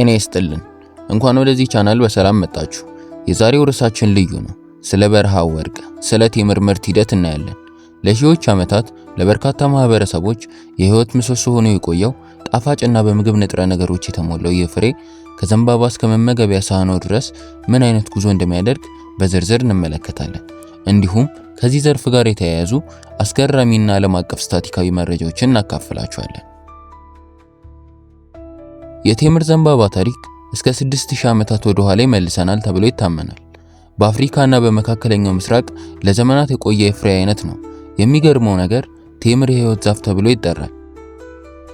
ጤና ይስጥልን። እንኳን ወደዚህ ቻናል በሰላም መጣችሁ። የዛሬው ርዕሳችን ልዩ ነው። ስለ በረሃ ወርቅ ስለት የምርምርት ሂደት እናያለን። ለሺዎች ዓመታት ለበርካታ ማህበረሰቦች የህይወት ምሰሶ ሆኖ የቆየው ጣፋጭና በምግብ ንጥረ ነገሮች የተሞላው ይህ ፍሬ ከዘንባባ እስከ መመገቢያ ሳህኖ ድረስ ምን አይነት ጉዞ እንደሚያደርግ በዝርዝር እንመለከታለን። እንዲሁም ከዚህ ዘርፍ ጋር የተያያዙ አስገራሚና ዓለም አቀፍ ስታቲካዊ መረጃዎችን እናካፍላችኋለን። የቴምር ዘንባባ ታሪክ እስከ 6000 ዓመታት ወደ ኋላ ይመልሰናል ተብሎ ይታመናል። በአፍሪካና በመካከለኛው ምስራቅ ለዘመናት የቆየ የፍሬ አይነት ነው። የሚገርመው ነገር ቴምር የህይወት ዛፍ ተብሎ ይጠራል።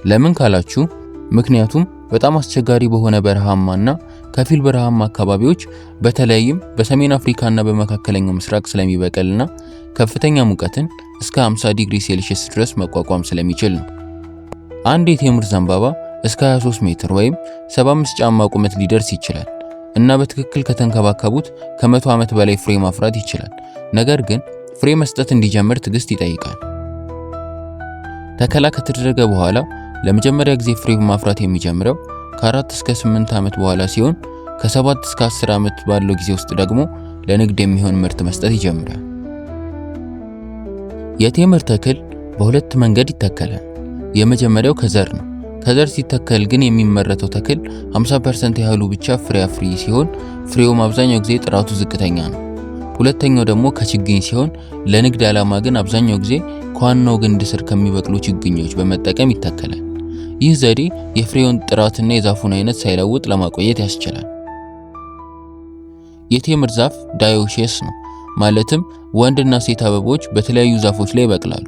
ለምን ካላችሁ ምክንያቱም በጣም አስቸጋሪ በሆነ በረሃማና ከፊል በረሃማ አካባቢዎች በተለይም በሰሜን አፍሪካና በመካከለኛው ምስራቅ ስለሚበቀልና ከፍተኛ ሙቀትን እስከ 50 ዲግሪ ሴልሺየስ ድረስ መቋቋም ስለሚችል ነው። አንድ የቴምር ዘንባባ እስከ 23 ሜትር ወይም 75 ጫማ ቁመት ሊደርስ ይችላል እና በትክክል ከተንከባከቡት ከመቶ ዓመት በላይ ፍሬ ማፍራት ይችላል። ነገር ግን ፍሬ መስጠት እንዲጀምር ትዕግስት ይጠይቃል። ተከላ ከተደረገ በኋላ ለመጀመሪያ ጊዜ ፍሬ ማፍራት የሚጀምረው ከ ከ4 እስከ 8 ዓመት በኋላ ሲሆን ከ7 እስከ 10 ዓመት ባለው ጊዜ ውስጥ ደግሞ ለንግድ የሚሆን ምርት መስጠት ይጀምራል። የቴምር ተክል በሁለት መንገድ ይተከላል። የመጀመሪያው ከዘር ነው። ከዘር ሲተከል ግን የሚመረተው ተክል 50% ያህሉ ብቻ ፍሬ አፍሪ ሲሆን ፍሬውም አብዛኛው ጊዜ ጥራቱ ዝቅተኛ ነው። ሁለተኛው ደግሞ ከችግኝ ሲሆን ለንግድ ዓላማ ግን አብዛኛው ጊዜ ከዋናው ግንድ ስር ከሚበቅሉ ችግኞች በመጠቀም ይተከላል። ይህ ዘዴ የፍሬውን ጥራትና የዛፉን አይነት ሳይለውጥ ለማቆየት ያስችላል። የቴምር ዛፍ ዳዮሼስ ነው። ማለትም ወንድና ሴት አበቦች በተለያዩ ዛፎች ላይ ይበቅላሉ።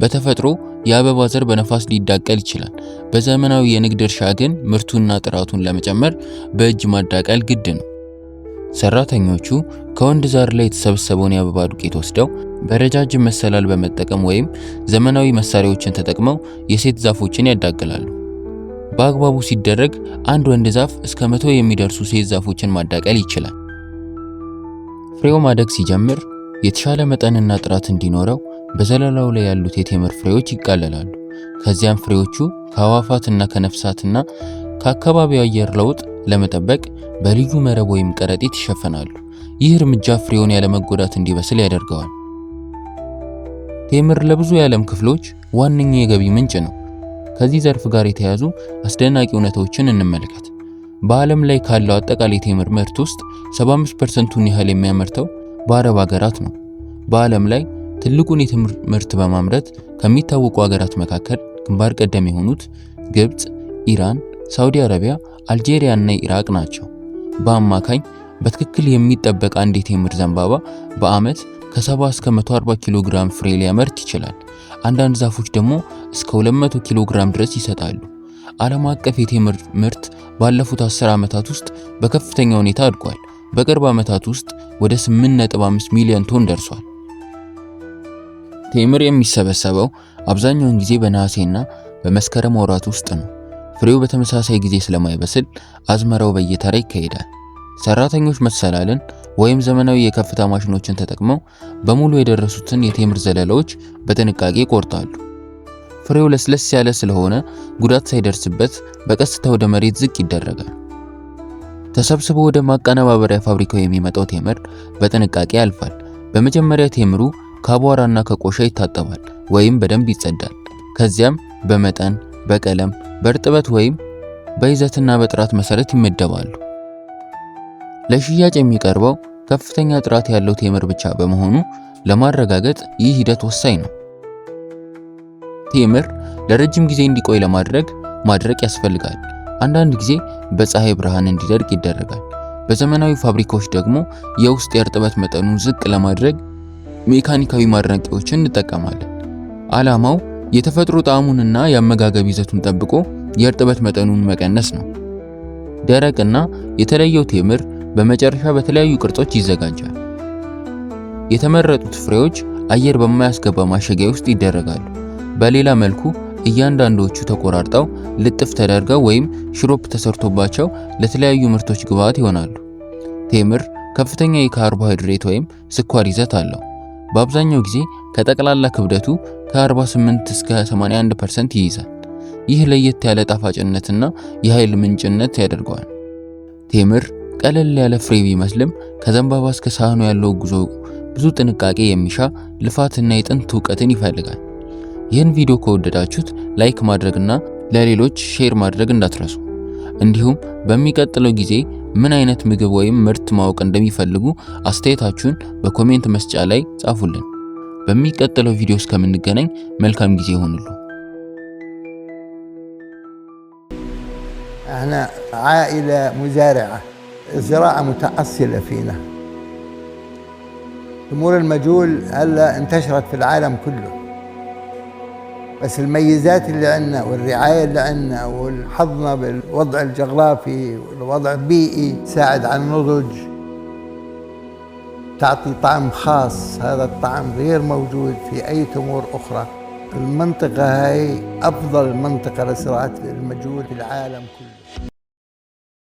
በተፈጥሮ የአበባ ዘር በነፋስ ሊዳቀል ይችላል። በዘመናዊ የንግድ እርሻ ግን ምርቱና ጥራቱን ለመጨመር በእጅ ማዳቀል ግድ ነው። ሰራተኞቹ ከወንድ ዘር ላይ የተሰበሰበውን የአበባ ዱቄት ወስደው በረጃጅም መሰላል በመጠቀም ወይም ዘመናዊ መሳሪያዎችን ተጠቅመው የሴት ዛፎችን ያዳቅላሉ። በአግባቡ ሲደረግ አንድ ወንድ ዛፍ እስከ መቶ የሚደርሱ ሴት ዛፎችን ማዳቀል ይችላል። ፍሬው ማደግ ሲጀምር የተሻለ መጠንና ጥራት እንዲኖረው በዘለላው ላይ ያሉት የቴምር ፍሬዎች ይቃለላሉ። ከዚያም ፍሬዎቹ ከአዋፋትና ከነፍሳትና ከአካባቢው አየር ለውጥ ለመጠበቅ በልዩ መረብ ወይም ከረጢት ይሸፈናሉ። ይህ እርምጃ ፍሬውን ያለመጎዳት እንዲበስል ያደርገዋል። ቴምር ለብዙ የዓለም ክፍሎች ዋነኛ የገቢ ምንጭ ነው። ከዚህ ዘርፍ ጋር የተያዙ አስደናቂ እውነቶችን እንመልከት። በዓለም ላይ ካለው አጠቃላይ ቴምር ምርት ውስጥ 75 ፐርሰንቱን ያህል የሚያመርተው በአረብ ሀገራት ነው። በዓለም ላይ ትልቁን የትምህርት ምርት በማምረት ከሚታወቁ ሀገራት መካከል ግንባር ቀደም የሆኑት ግብፅ፣ ኢራን፣ ሳውዲ አረቢያ፣ አልጄሪያ እና ኢራቅ ናቸው። በአማካኝ በትክክል የሚጠበቅ አንድ የቴምር ዘንባባ በዓመት ከ70 እስከ 140 ኪሎ ግራም ፍሬ ሊያመርት ይችላል። አንዳንድ ዛፎች ደግሞ እስከ 200 ኪሎ ግራም ድረስ ይሰጣሉ። ዓለም አቀፍ የቴምር ምርት ባለፉት 10 ዓመታት ውስጥ በከፍተኛ ሁኔታ አድጓል። በቅርብ ዓመታት ውስጥ ወደ 8.5 ሚሊዮን ቶን ደርሷል። ቴምር የሚሰበሰበው አብዛኛውን ጊዜ በነሐሴና በመስከረም ወራት ውስጥ ነው። ፍሬው በተመሳሳይ ጊዜ ስለማይበስል አዝመራው በየተራ ይካሄዳል። ሰራተኞች መሰላልን ወይም ዘመናዊ የከፍታ ማሽኖችን ተጠቅመው በሙሉ የደረሱትን የቴምር ዘለላዎች በጥንቃቄ ይቆርጣሉ። ፍሬው ለስለስ ያለ ስለሆነ ጉዳት ሳይደርስበት በቀስታ ወደ መሬት ዝቅ ይደረጋል። ተሰብስቦ ወደ ማቀነባበሪያ ፋብሪካው የሚመጣው ቴምር በጥንቃቄ ያልፋል። በመጀመሪያ ቴምሩ ከአቧራና ከቆሻ ይታጠባል ወይም በደንብ ይጸዳል። ከዚያም በመጠን፣ በቀለም፣ በእርጥበት ወይም በይዘትና በጥራት መሰረት ይመደባሉ። ለሽያጭ የሚቀርበው ከፍተኛ ጥራት ያለው ቴምር ብቻ በመሆኑ ለማረጋገጥ ይህ ሂደት ወሳኝ ነው። ቴምር ለረጅም ጊዜ እንዲቆይ ለማድረግ ማድረቅ ያስፈልጋል። አንዳንድ ጊዜ በፀሐይ ብርሃን እንዲደርቅ ይደረጋል። በዘመናዊ ፋብሪካዎች ደግሞ የውስጥ የእርጥበት መጠኑን ዝቅ ለማድረግ ሜካኒካዊ ማድረቂያዎችን እንጠቀማለን። ዓላማው የተፈጥሮ ጣዕሙንና የአመጋገብ ይዘቱን ጠብቆ የእርጥበት መጠኑን መቀነስ ነው። ደረቅና የተለየው ቴምር በመጨረሻ በተለያዩ ቅርጾች ይዘጋጃል። የተመረጡት ፍሬዎች አየር በማያስገባ ማሸጊያ ውስጥ ይደረጋሉ። በሌላ መልኩ እያንዳንዶቹ ተቆራርጠው ልጥፍ ተደርገው ወይም ሽሮፕ ተሰርቶባቸው ለተለያዩ ምርቶች ግብዓት ይሆናሉ። ቴምር ከፍተኛ የካርቦሃይድሬት ወይም ስኳር ይዘት አለው። በአብዛኛው ጊዜ ከጠቅላላ ክብደቱ ከ48 እስከ 81% ይይዛል። ይህ ለየት ያለ ጣፋጭነትና የኃይል ምንጭነት ያደርገዋል። ቴምር ቀለል ያለ ፍሬ ቢመስልም ከዘንባባ እስከ ሳህኑ ያለው ጉዞ ብዙ ጥንቃቄ የሚሻ ልፋትና የጥንት እውቀትን ይፈልጋል። ይህን ቪዲዮ ከወደዳችሁት ላይክ ማድረግና ለሌሎች ሼር ማድረግ እንዳትረሱ። እንዲሁም በሚቀጥለው ጊዜ ምን አይነት ምግብ ወይም ምርት ማወቅ እንደሚፈልጉ አስተያየታችሁን በኮሜንት መስጫ ላይ ጻፉልን። በሚቀጥለው ቪዲዮ እስከምንገናኝ መልካም ጊዜ ይሁንሉ። احنا عائلة مزارعة الزراعة متأصلة فينا تمور المجول هلا انتشرت في العالم كله بس الميزات اللي عندنا والرعايه اللي عندنا والحظنا بالوضع الجغرافي والوضع البيئي ساعد على النضج تعطي طعم خاص هذا الطعم غير موجود في اي تمور اخرى المنطقه هاي افضل منطقه لزراعه المجهول في العالم كله